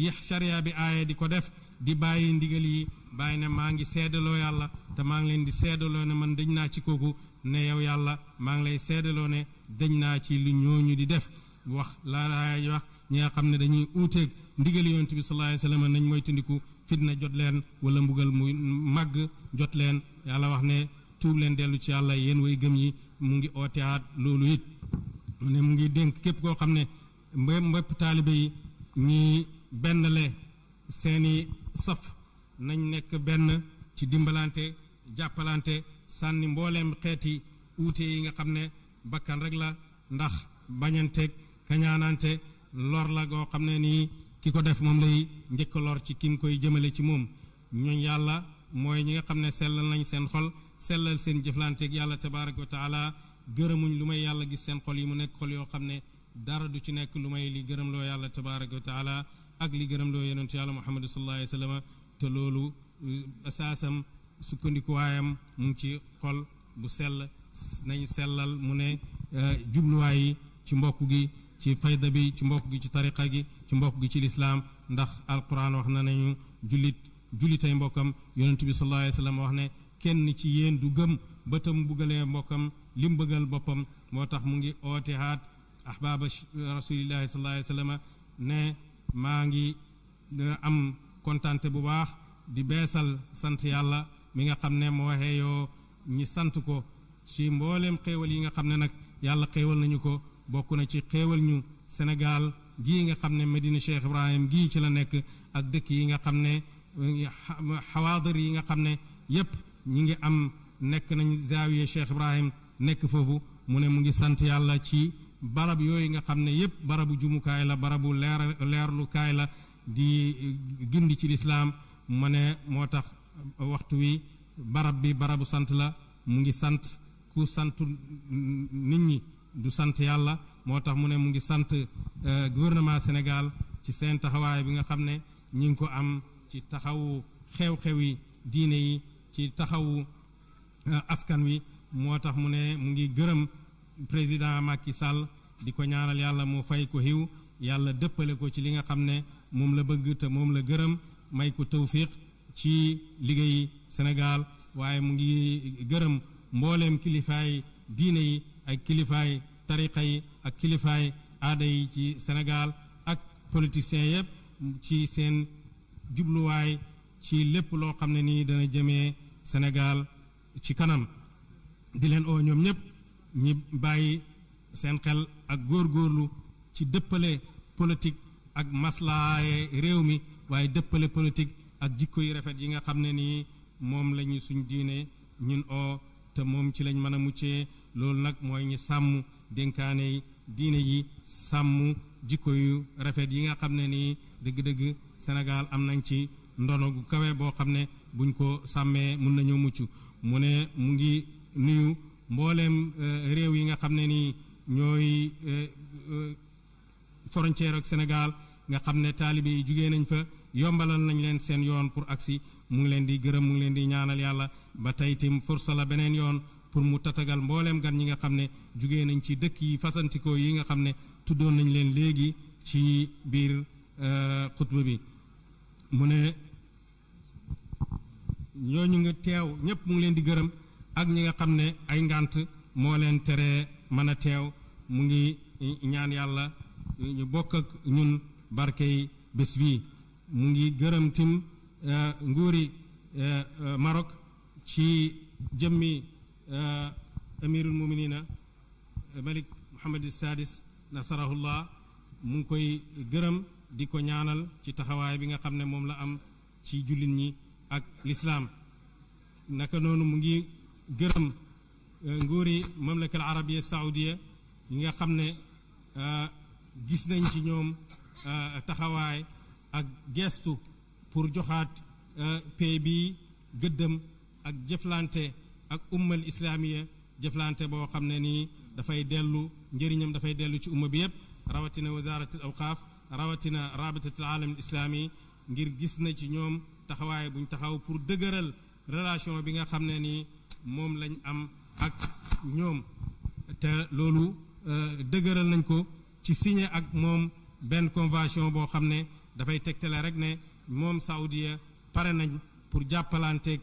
yi charia bi aaye di ko def di bàyyi ndigal yi bàyyi ne maa ngi seedaloo yàlla te maa ngi leen di seedaloo ne man dañ naa ci kooku ne yow yàlla maa ngi lay seedaloo ne dañ naa ci li lu ñu di def wax laa wax ñi xam ne dañuy uuteeg ndigal yonent bi sallallahu alayhi wasallam nañ mooy tindiku fitna jot leen wala mbugal mu màgg jot leen yàlla wax ne tuub leen dellu ci yàlla yéen way gëm yi mu ngi ooteaat loolu it mu mu ngi dénk képp koo xam ne mbépp taalibe yi ñi benn le seeni saf nañ nekk benn ci dimbalante jàppalante sànni mbooleem xeeti uute yi nga xam ne bakkan rek la ndax bañanteeg kañaanante lor la goo xam ne nii ki ko def moom lay njëkk lor ci ki mu koy jëmale ci moom ñooñ yàlla mooy ñi nga xam ne sellal nañ seen xol sellal seen jëflanteeg yàlla tabaraka wa taala gërëmuñ lu may yàlla gis seen xol yi mu nekk xol yoo xam ne dara du ci nekk lu may li gërëm loo yàlla tabaraka wa taala ak li gërëm loo yonentu yàlla muhammadu sallallahu alayhi wa sallam te loolu asaasam eh, sukkandikuwaayam mu ngi ci xol bu sell nañ sellal mu ne euh, jubluwaay yi ci mbokk gi ci fayda bi ci mbokk gi ci tariqa gi ci mbokk gi ci lislaam ndax alquran wax na nañu jullit jullitay mbokkam yonentu bi sallallahu alayhi wa wax ne kenn ci yéen du gëm bëtam buggalee mbokkam mu bëggal boppam moo tax mu ngi oote haat ahbaaba rasulillahi sallallahu alayhi ne maa ngi euh, am kontante bu baax di beesal sant yàlla mi nga xam ne moo xeeyoo ñi sant ko ci mbooleem xéewal yi nga xam ne nag yàlla xéewal nañu ko bokk na ci xéewal ñu sénégal gii nga xam ne medina cheikh ibrahim gii ci la nekk ak dëkk yi nga xam ne xawaadir yi nga xam ne yépp ñi ngi am nekk nañ Zawiya cheikh ibrahim nekk foofu mu ne mu ngi sant yàlla ci barab yooyu nga xam ne yépp barabu jumukaay la barabu leer leerlukaay la di gindi ci lislaam ma ne moo tax waxtu wi barab bi barabu sant la mu ngi sant ku santu nit ñi du sant yàlla moo tax mu ne mu ngi sant euh, gouvernement Sénégal ci seen taxawaay bi nga xam ne ñi ngi ko am ci taxawu xew-xewi diine yi ci taxawu euh, askan wi moo tax mu ne mu ngi gërëm président Macky sàll di ko ñaanal yàlla moo fay ko xiw yàlla dëppale ko ci li nga xam ne moom la bëgg te moom la gërëm may ko tawfiq ci liggéey senegaal waaye mu ngi gërëm mbooleem kilifaay diine yi ak kilifaay tariqa yi ak kilifaay aada yi ci senegaal ak politiciens yëpp ci seen jubluwaay ci lépp loo xam ne nii dana jëmee senegaal ci kanam di leen oo ñoom ñëpp ñi bàyyi seen xel ak góorgóorlu ci dëppale politik ak maslaaye réew mi waaye dëppale politique ak jikko yu rafet yi nga xam ne nii moom la ñu suñ diine ñun oo te moom ci lañ mën a muccee loolu nag mooy ñu sàmm dénkaane yi diine yi sàmm jikko yu rafet yi nga xam ne nii dëgg-dëgg Sénégal am nañ ci ndono gu kawe boo xam ne buñ ko sàmmee mun nañu mucc mu ne mu ngi nuyu mbooleem euh, réew yi nga xam ne nii ñooy euh, euh, frontière ak Sénégal nga xam ne taalibe yi jugee nañ fa yombalal nañ leen seen yoon pour agsi mu ngi leen di gërëm mu ngi leen di ñaanal yàlla ba tey tim fursa la beneen yoon pour mu tatagal mbooleem gan ñi nga xam ne jugee nañu ci dëkk yi fasantikoo yi nga xam ne tuddoon nañu leen léegi ci biir euh, xutba bi mu ne ñooñu nga teew ñëpp mu ngi leen di gërëm ak ñi nga xam ne ay ngànt moo leen tere mën a teew mu ngi ñaan yàlla ñu bokk ak ñun barkey bés bii mu ngi gërëm tim eh, nguuri eh, Maroc ci jëmmi eh, amirul muminina Malik Mohamed Sadis nasarahullah mu ngi koy gërëm di ko ñaanal ci taxawaay bi nga xam ne moom la am ci jullit ñi ak lislaam naka noonu mu ngi gërëm nguuri mamlaka al arabia saoudia yi nga xam ne gis nañ ci ñoom taxawaay ak gestu pour joxaat euh, pay bi gëddëm ak jëflante ak ummal islaamiya jëflante boo xam ne nii dafay dellu njëriñam dafay dellu ci umma bi yépp rawatina wazaaratul awqaaf rawatina rabitatul aalam islaami ngir gis na ci ñoom taxawaay buñ taxaw pour dëgëral relation bi nga xam ne nii moom lañ am ak ñoom te loolu euh, dëgëral nañ ko ci signé ak moom benn convention boo xam ne dafay tegtale rek ne moom saoudia pare nañ pour jàppalanteeg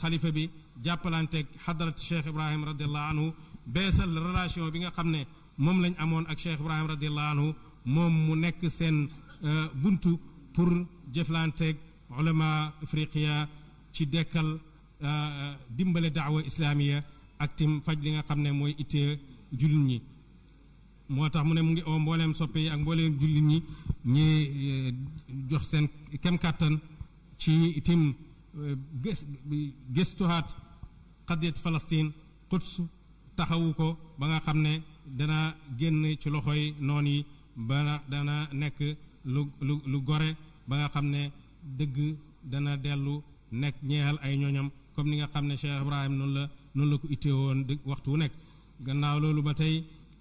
xalifa bi jàppalanteeg xadrat cheikh ibrahim radiallahu anhu beesal relation bi nga xam ne lañ amoon ak cheikh ibrahim radiallahu anhu moom mu nekk seen buntu pour jëflanteeg ulama afriqiya ci dekkal dimbale daawa islaamiya ak tim faj li nga xam ne mooy ittee ñi moo tax mu ne mu ngi oo mbooleem soppe yi ak mbooleem jullit ñi ñi eh, jox seen kem kàttan ci itim eh, gës gëstuwaat xadiyat Palestine Quds taxawu ko ba nga xam ne dana génn ci loxoy noon yi ba dana nekk lu lu gore ba nga xam ne dëgg dana dellu nekk ñeexal ay ñooñam comme ni nga xam ne Cheikh Ibrahim noonu la noonu la ko ittee woon dëgg waxtu wu nekk gannaaw loolu ba tey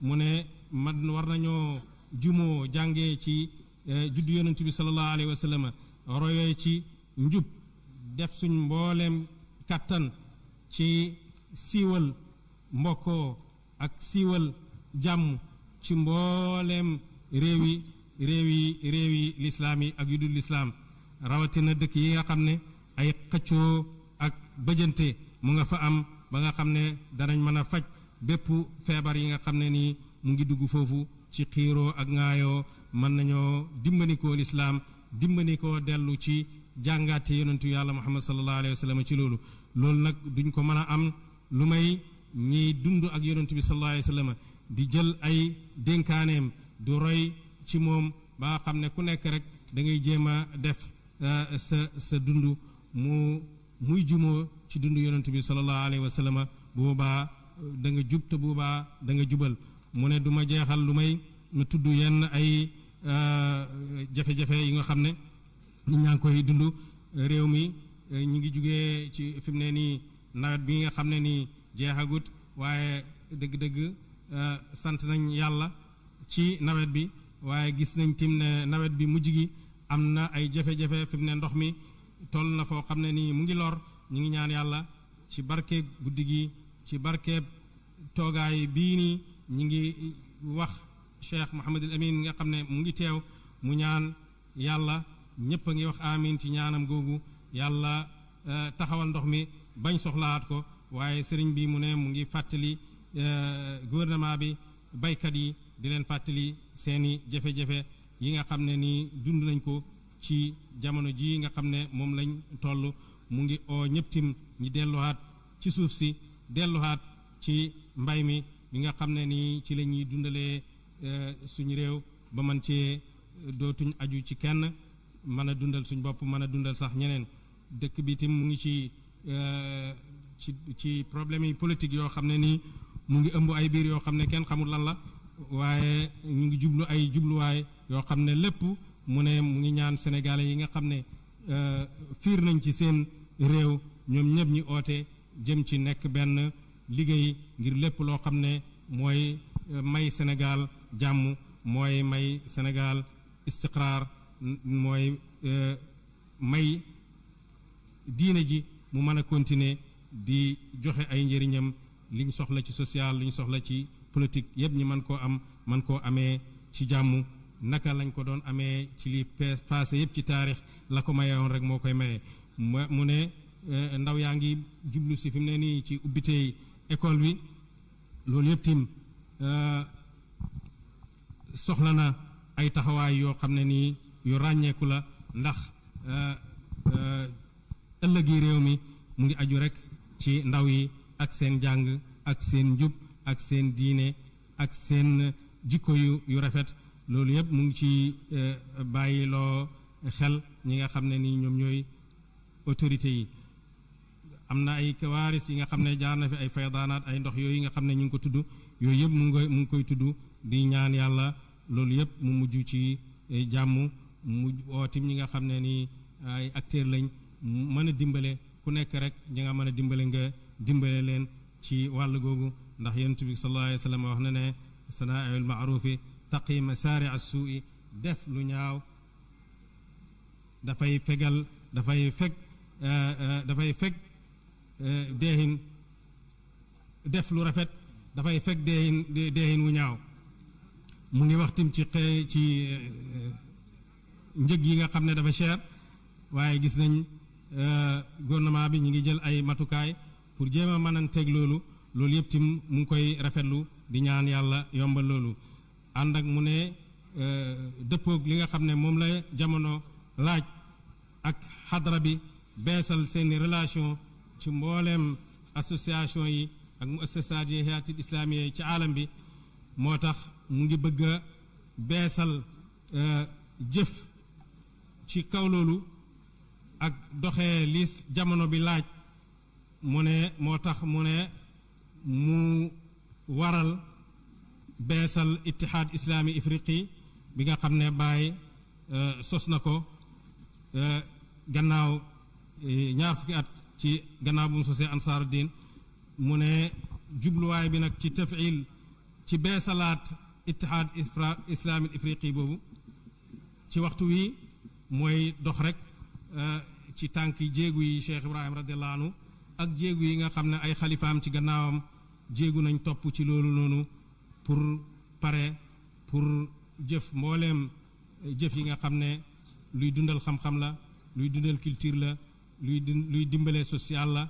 mu ne ma war nañoo jumoo jàngee ci eh, juddu yonent bi sallallahu alayhi wa royee ci njub def suñ mbooleem kàttan ci siiwal mbokkoo ak siiwal jàmm ci mbooleem réew yi réew yi réew yi lislaam yi ak yu lislaam rawatina dëkk yi nga xam ne ay xëccoo ak bëjante mu nga fa am ba nga xam ne danañ mën a faj bépp feebar yi nga xam ne nii mu ngi dugg foofu ci xiiroo ak ŋaayoo mën nañoo dimbanikoo lislaam dimbanikoo dellu ci jàngaate yonentu yàlla muhammad sallallahu alayhi wa sallam ci loolu loolu nag duñ ko mën a am lu may ñiy dund ak yonentu bi sallallahu alayhi wa sallam di jël ay dénkaaneem du roy ci moom ba xam ne ku nekk rek da ngay jéem a def euh, sa sa dund mu muy jumoo ci dund yonentu bi sallallahu alayhi wa sallam boobaa euh, da nga jub te boobaa da nga jubal mu ne duma jeexal lu may ma tudd yenn ay euh, jafe-jafe yi nga xam ne ñu ñaa koy dund réew mi euh, ñu ngi jugee ci fi mu ne nii nawet bi nga xam ne nii jeexagut waaye dëgg-dëgg euh, sant nañ yàlla ci nawet bi waaye gis nañ tim ne nawet bi mujj gi am na ay jafe-jafe fi ne ndox mi toll na foo xam ne nii mu ngi lor ñu ngi ñaan yàlla ci barkeeb guddi gi ci barkeeb toogaay bii nii ñi ngi wax cheikh Mouhamadul Amin mi nga xam ne mu ngi teew mu ñaan yàlla ñëpp a ngi wax amin ci ñaanam googu yàlla euh, taxawal ndox mi bañ soxlaat ko waaye sëriñ bi mu ne mu ngi fàttali euh, gouvernement bi baykat yi di leen fàttali seeni jafe-jafe yi nga xam ne nii dund nañ ko ci jamono ji nga xam ne moom lañ toll mu ngi oo ñëpptim tim ñi delluwaat ci suuf si delluwaat ci mbay mi yi nga xam ni nii ci la ñuy dundalee eh, suñu réew ba man cee eh, dootuñ aju ci kenn mën dundal suñ bopp mën dundal sax ñeneen dëkk bi tim mu ngi ci eh, ci ci problème yi politique yo xam ne nii mu ngi ëmb ay biir yoo xam kenn xamul lan la waaye ñu ngi jublu ay jubluwaay yoo xam ne lépp mu ne mu ngi ñaan sénégalais yi nga xam ne fiir nañ ci seen réew ñoom ñëpp ñi oote jëm ci nekk benn liggéey ngir lépp loo xam ne mooy euh, may Sénégal jàmm mooy may Sénégal istiqraar mooy euh, may diine ji mu mën a continuer di joxe ay njëriñam li soxla ci social li ñu soxla ci politique yépp ñi man koo am man koo amee ci jàmm naka lañ ko doon amee ci li passé yépp ci taarix la ko mayewoon rek moo koy maye mu ne euh, ndaw yaa ngi jublu si fi mu ne nii ci ubbitey école bi loolu yëpp tin euh, soxla na ay taxawaay yoo xam ne nii yu ràññeeku la ndax euh, euh, ëllëgi réew mi mu ngi aju rek ci ndaw yi ak seen jàng ak seen njub ak seen diine ak seen jikko yu rafet loolu yëpp mu ngi ci bàyyiloo xel ñi nga xam ne nii ñoom ñooy autorité yi am na ay kawaaris yi nga xam jaar na fi ay faydaanaat ay ndox yooyu nga xam ne ñu ngi ko tudd yooyu yëpp mu ngi koy tudd di ñaan yàlla loolu yëpp mu mujj ci e, jàmm mu ootim ñi nga xam ne ni ay acteur lañ mën a dimbale ku nekk rek ñi nga mën a nga dimbale leen ci wàll googu ndax yéen tubi sallallahu alayhi wa wax na ne sanaa ayul maarufi taqi masaari assuui def lu ñaaw dafay fegal dafay feg e, e, dafay feg Eh, deexin def lu rafet dafay fekk deexin deexin wu ñaaw mu ngi wax tim ci xee ci eh, njëg yi nga xam ne dafa cher waaye gis nañ eh, gouvernement bi ñu ngi jël ay matukaay pour jéem a mënanteeg loolu loolu yëpp tim mu ngi koy rafetlu di ñaan yàlla yombal loolu ànd ak mu ne dëppoog li nga xam ne moom la jamono laaj ak xadra bi beesal seeni relation ci mbooleem association yi ak muassasaat yi xiyaatil islaamiya yi ci aalam bi moo tax mu ngi bëgg a beesal euh, jëf ci kaw loolu ak doxee li jamono bi laaj mu ne moo tax mu ne mu waral beesal ittihaad islaami ifriqi bi nga xam ne Baay euh, sos na ko euh, gannaaw ñaar fukki at ci gannaaw bu mu sosee ansaaru diin mu ne jubluwaay bi nag ci tafil ci beesalaat ittihaad islaami ifriqi boobu ci waxtu wi mooy dox rek ci tànk jéegu yi cheikh ibrahim radiallahu anhu ak jéegu yi nga xam ne ay xalifaam ci gannaawam jéegu nañ topp ci loolu noonu pour pare pour jëf mbooleem jëf yi nga xam ne luy dundal xam-xam la luy dundal culture la luy luy dimbale social la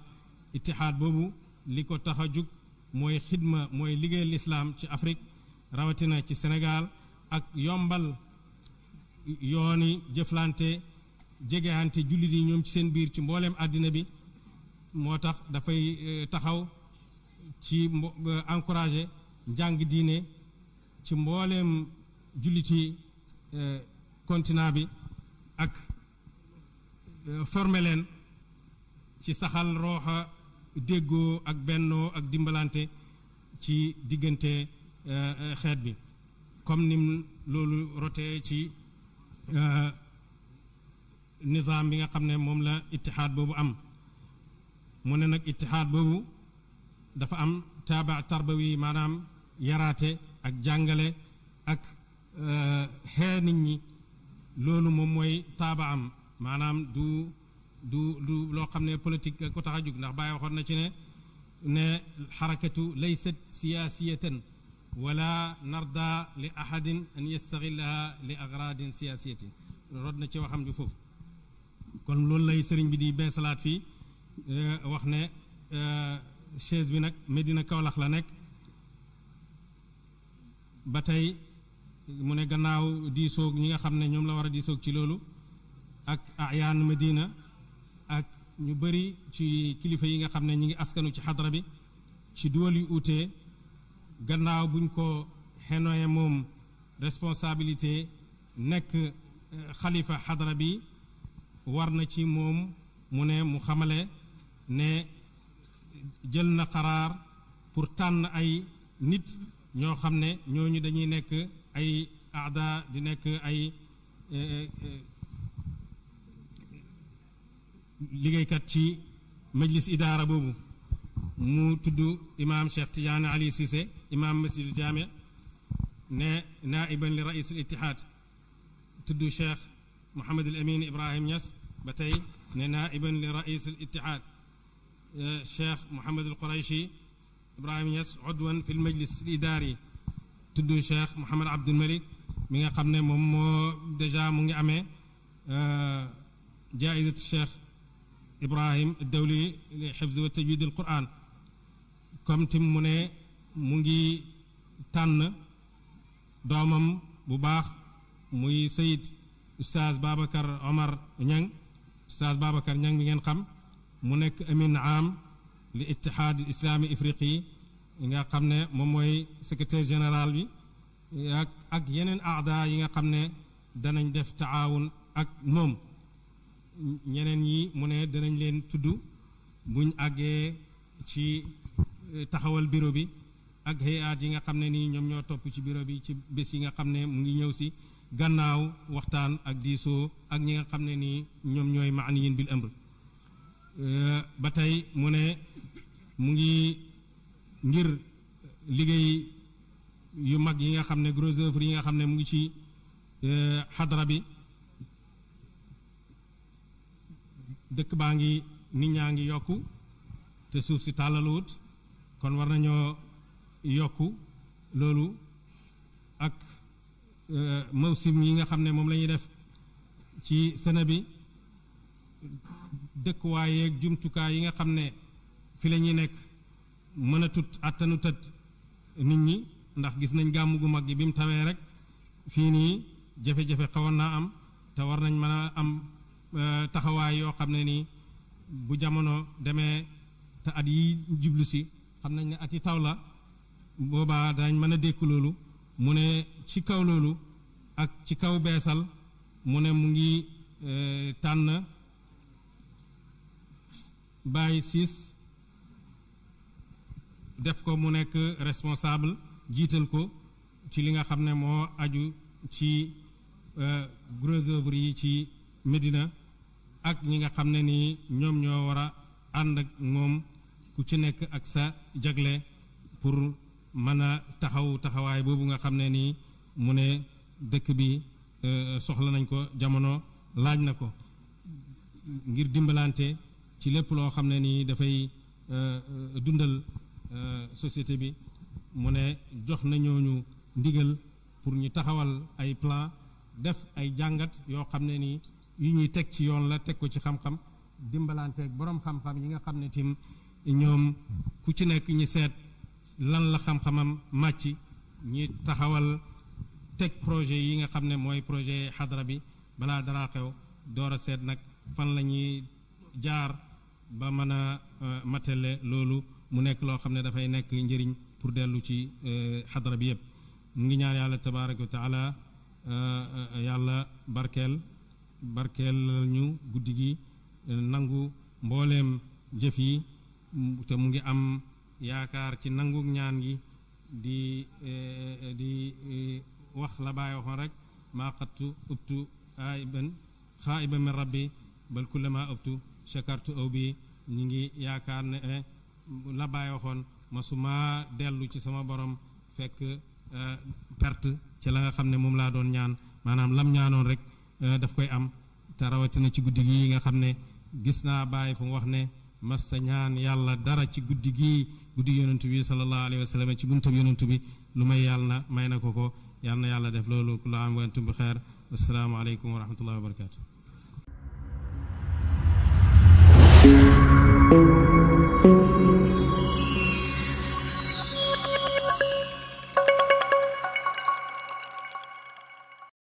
ittihaad boobu li ko tax a jug mooy xidma mooy liggéey lislaam ci Afrique rawatina ci senegaal ak yombal yooni jëflante jegehante jullit yi ñoom ci seen biir ci mbooleem àddina bi moo tax dafay euh, taxaw ci euh, encourager njàng diine ci mbooleem jullit yi euh, continent bi ak former leen ci saxal rooxa déggoo ak bennoo ak dimbalante ci diggante euh, xeet bi comme nim loolu rotee ci euh, nizaam bi nga xam ne moom la ittihaad boobu am mu ne nag ittihaad boobu dafa am taaba tarbawi maanaam yaraate ak jàngale ak euh, xee nit ñi loolu moom mooy taaba am maanaam du du du lo xamne politique ko taxajuk ndax Baye waxon na ci ne ne harakatu laysat siyasiyatan wala narda li ahad an yastaghillaha li aghrad siyasiyati rod na ci waxam ju foofu kon loolu lay serign bi di be salat fi wax ne chaise bi nak Medina Kaolack la nek batay mu ne gannaaw diisoog ñi nga xam ne ñoom la war a diisoog ci loolu ak ayaan Medina ak ñu bëri ci kilifa yi nga xam ne ñu ngi askanu ci xadara bi ci duwal yu uute gannaaw buñ ko xenoye moom responsabilité nekk eh, xalifa xadara bi war na ci moom mu ne mu xamale ne jël na xaraar pour tànn ay nit ñoo xam ne ñooñu dañuy nekk ay aada di nekk ay eh, eh, liggéeykat ci majlis idaara boobu mu tudd imaam Cheikh Tidiane Ali Cissé imaam masjidul jaame ne naiban li rais al ittihaad tudd Cheikh Mouhamad al Amin Ibrahim Niass ba tey ne naiban li rais al ittihaad Cheikh Mouhamad al Qurayshi Ibrahim Niass udwan fi l majlis al idaari tudd Cheikh Mouhamad Abdul Malik mi nga xam ne moom moo dèjà mu ngi amee jaayizat Cheikh Ibrahim Dawli li xifz wa tajwid al Quran comme tim mu ne mu ngi tànn doomam bu baax muy Sayid Oustaz Babacar Omar Ñang Oustaz Babacar Ñang bi ngeen xam mu nekk amin am li ittihaad islami ifriqi nga xam ne moom mooy secrétaire général bi ak ak yeneen aada yi nga xam ne danañ def taawun ak moom ñeneen yi mu ne danañ leen tudd buñ àggee ci eh, taxawal bureau bi ak hayaat yi nga xam ne nii ñoom ñoo topp ci biro bi ci bés yi nga xam ne mu ngi ñëw si gannaaw waxtaan ak diisoo ak ñi nga xam ne nii ñoom ñooy ma maaniyin bil amr eh, ba tey mu ne mu ngi ngir liggéey yu mag yi nga xam ne gros yi nga xam ne mu ngi ci eh, xadra bi dëkk baa ngi nit ñaa ngi yokku te suuf si tàllaluwut kon war nañoo yokku loolu ak e, mawsim yi nga xam ne moom la def ci sene bi dëkkuwaay yeeg jumtukaay yi nga xam ne fi la ñuy nekk mën a nit ñi ndax gis nañ gàmm gu mag gi bi mu tawee rek fii nii jafe-jafe xawoon naa am te war nañ mën a am Euh, taxawaay yoo xam ne ni bu jamono demee te at yi jublu si xam nañ ne at yi taw la boobaa dañ mën a dékku loolu mu ne ci kaw loolu ak ci kaw beesal mu ne mu ngi euh, tànn bàyyi siis def ko mu nekk responsable jiital ko ci li nga xam ne moo aju ci euh, gros œuvre yi ci Médina ak ñi nga xam ne nii ñoom ñoo war a ànd ak moom ku ci nekk ak sa jagle pour mën a taxawu taxawaay boobu nga xam ne nii mu ne dëkk bi euh, soxla nañ ko jamono laaj na ko ngir dimbalante ci lépp loo xam ne nii dafay euh, euh, dundal société bi mu ne jox na ñooñu ndigal pour ñu taxawal ay plan def ay jàngat yoo xam ne nii yi ñuy teg ci yoon la teg ko ci xam-xam dimbalanteeg boroom xam-xam yi nga xam ne tim ñoom ku ci nekk ñi seet lan la xam-xamam màcc ñi taxawal teg projet yi nga xam ne mooy projet xadra bi balaa dara xew door a seet nag fan la ñuy jaar ba mën a euh, matale loolu mu nekk loo xam ne dafay nekk njëriñ pour dellu ci euh, xadra bi yëpp mu ngi ñaan yàlla tabaraka wa euh, yàlla barkeel barkeelal ñu guddi gi eh, nangu mbooleem jëf yi mm, te mu ngi am yaakaar ci nangu ñaan gi di eh, di eh, wax la bàyyi waxoon rek maa xattu ubtu aiban xaaiban min rabbi bal kullama ubtu shakartu aw bi ñu ngi yaakaar ne la bàyyi waxoon masuma dellu ci sama borom fekk perte ci la nga xam ne moom laa doon ñaan maanaam lam ñaanoon rek Euh, daf koy am te rawatina ci guddi gii nga xam ne gis naa bàyyi fu mu wax ne masta ñaan yàlla dara ci guddi gii guddi yonentu bi sallallahu alayhi wa ci buntab yonentu bi lu may yàlla na may na ko ko yàlla na yàlla def loolu ku la am wantum bi xeer assalaamu aleykum wa rahmatullahi wa barakatu